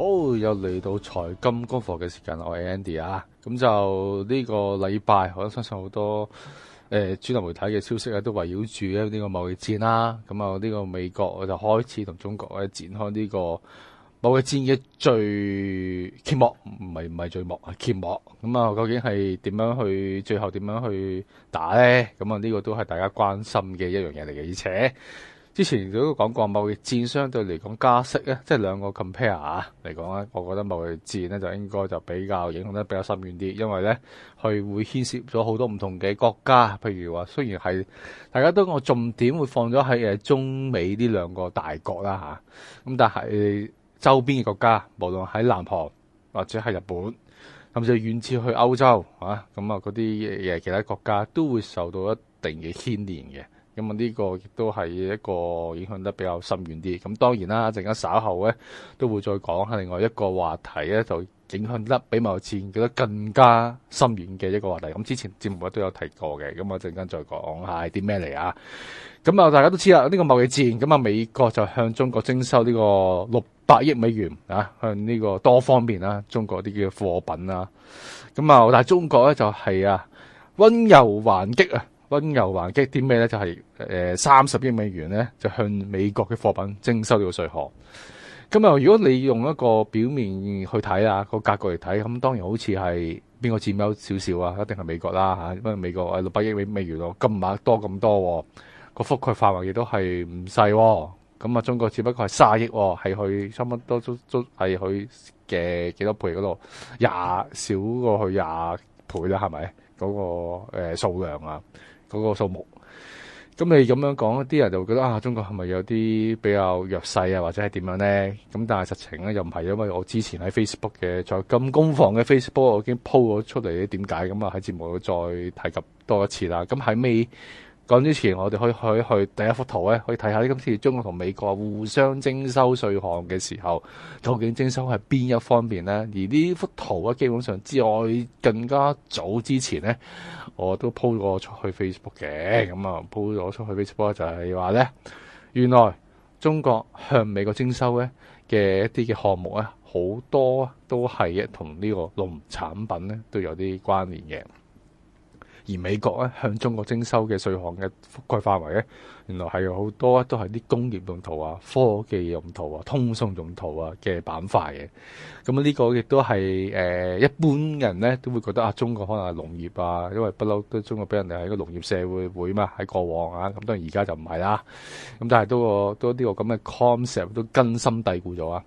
好，又嚟到財金工房嘅時間，我係 Andy 啊。咁就呢個禮拜，我相信好多誒、呃、主流媒體嘅消息圍繞啊，都圍繞住呢個貿易戰啦。咁啊，呢個美國我就開始同中國咧展開呢個貿易戰嘅序幕，唔係唔係序幕啊，揭幕。咁啊，究竟係點樣去最後點樣去打呢？咁啊，呢個都係大家關心嘅一樣嘢嚟嘅，而且。之前都講過，貿易戰相對嚟講加息咧，即係兩個 compare 嚇嚟講咧，我覺得貿易戰呢就應該就比較影響得比較深遠啲，因為咧佢會牽涉咗好多唔同嘅國家，譬如話雖然係大家都講重點會放咗喺誒中美呢兩個大國啦嚇，咁但係周邊嘅國家，無論喺南韓或者係日本，甚至遠至去歐洲嚇，咁啊嗰啲誒其他國家都會受到一定嘅牽連嘅。咁啊，呢個亦都係一個影響得比較深遠啲。咁當然啦，陣間稍後咧都會再講另外一個話題咧，就影響得比貿易戰覺得更加深遠嘅一個話題。咁之前節目咧都有提過嘅，咁我陣間再講下啲咩嚟啊？咁啊，大家都知啦，呢個貿易戰，咁啊美國就向中國徵收呢個六百億美元啊，向呢個多方面啦，中國啲嘅貨品啦。咁啊，但係中國咧就係啊溫柔還擊啊！温柔還擊啲咩咧？就係誒三十億美元咧，就向美國嘅貨品徵收咗稅項。咁啊，如果你用一個表面去睇啊，個格局嚟睇，咁當然好似係邊個佔優少少啊？一定係美國啦、啊、因為美國誒六百億美美元咯，金額多咁多，個覆蓋範圍亦都係唔細。咁啊，啊中國只不過係卅億，係佢差唔多都都係佢嘅幾多倍嗰度，廿少過佢廿倍啦，係咪嗰個、呃、數量啊？嗰、那個數目咁，你咁樣講啲人就會覺得啊，中國係咪有啲比較弱勢啊，或者係點樣呢？咁但係實情呢，又唔係，因為我之前喺 Facebook 嘅財金工房嘅 Facebook 我已經 po 咗出嚟，點解咁啊？喺節目再提及多一次啦。咁喺尾。講之前，我哋可去去第一幅圖咧，可以睇下呢今次中國同美國互相徵收稅項嘅時候，究竟徵收係邊一方面呢？呢而呢幅圖咧，基本上之外更加早之前呢，我都鋪咗出去 Facebook 嘅，咁啊 p 咗出去 Facebook 就係話呢，原來中國向美國徵收呢嘅一啲嘅項目咧，好多都係同呢個農產品呢都有啲關聯嘅。而美國咧向中國徵收嘅稅項嘅覆蓋範圍咧，原來係有好多都係啲工業用途啊、科技用途啊、通訊用途啊嘅板塊嘅。咁呢個亦都係誒一般人咧都會覺得啊，中國可能係農業啊，因為不嬲都中國俾人哋係一個農業社會會嘛喺過往啊。咁當然而家就唔係啦。咁但係都，都、呢個都呢個咁嘅 concept 都根深蒂固咗啊。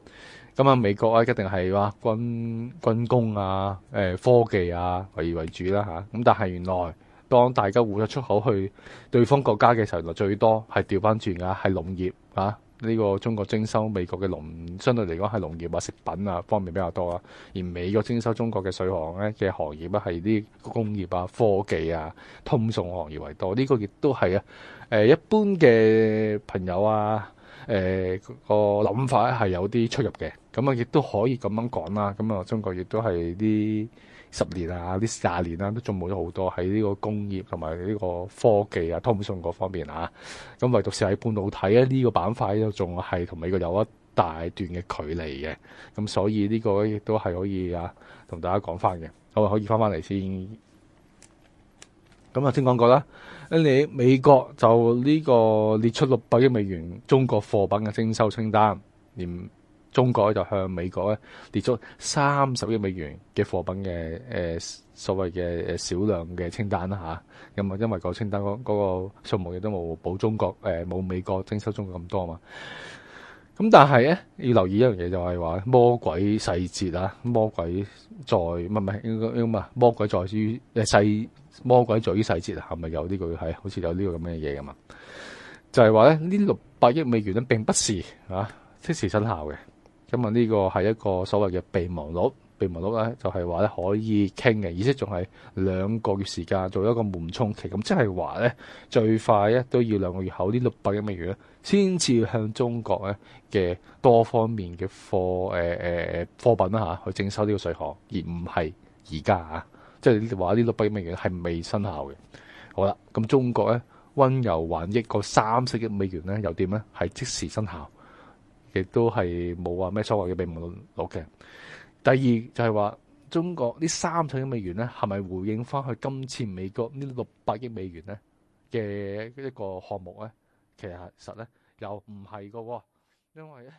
咁啊，美國啊，一定係話軍軍工啊、科技啊為為主啦、啊、咁但係原來當大家互咗出口去對方國家嘅時候，就最多係調翻轉啊，係農業啊，呢、這個中國徵收美國嘅農，相對嚟講係農業啊、食品啊方面比較多啦、啊。而美國徵收中國嘅稅項咧嘅行業咧係啲工業啊、科技啊、通訊行業為多。呢、這個亦都係啊，一般嘅朋友啊，誒、欸那個諗法咧係有啲出入嘅。咁啊，亦都可以咁樣講啦。咁啊，中國亦都係呢十年啊，呢廿年啦、啊，都進步咗好多喺呢個工業同埋呢個科技啊、通訊嗰方面啊。咁唯獨是喺半導體呢、啊呢個板塊，都仲係同美國有一大段嘅距離嘅。咁所以呢個亦都係可以啊，同大家講翻嘅。好啊，可以翻翻嚟先。咁啊，先講過啦。你美國就呢個列出六百億美元中國貨品嘅徵收清單，連中國咧就向美國咧列出三十億美元嘅貨品嘅誒所謂嘅誒少量嘅清單啦嚇，咁啊，因為個清單嗰嗰個數目亦都冇保中國誒冇美國徵收中國咁多啊嘛。咁但係咧，要留意一樣嘢就係話魔鬼細節啊，魔鬼在唔係唔係應該應該嘛？魔鬼在於細魔鬼在於細節啊，係咪有呢句係？好似有呢個咁嘅嘢㗎嘛？就係話咧呢六百億美元咧並不是嚇即時生效嘅。今日呢個係一個所謂嘅備忘錄，備忘錄咧就係話咧可以傾嘅，意思仲係兩個月時間做一個緩衝期，咁即係話咧最快咧都要兩個月後呢六百億美元咧先至向中國咧嘅多方面嘅貨誒誒貨品啦去徵收呢個稅項，而唔係而家啊，即係話呢六百億美元係未生效嘅。好啦，咁中國咧溫柔還擊嗰三十億美元咧又點咧？係即時生效。亦都係冇話咩所謂嘅備忘錄嘅。第二就係話中國呢三十億美元咧，係咪回應翻去今次美國呢六百億美元咧嘅一個項目咧？其實其實咧又唔係個喎，因為咧。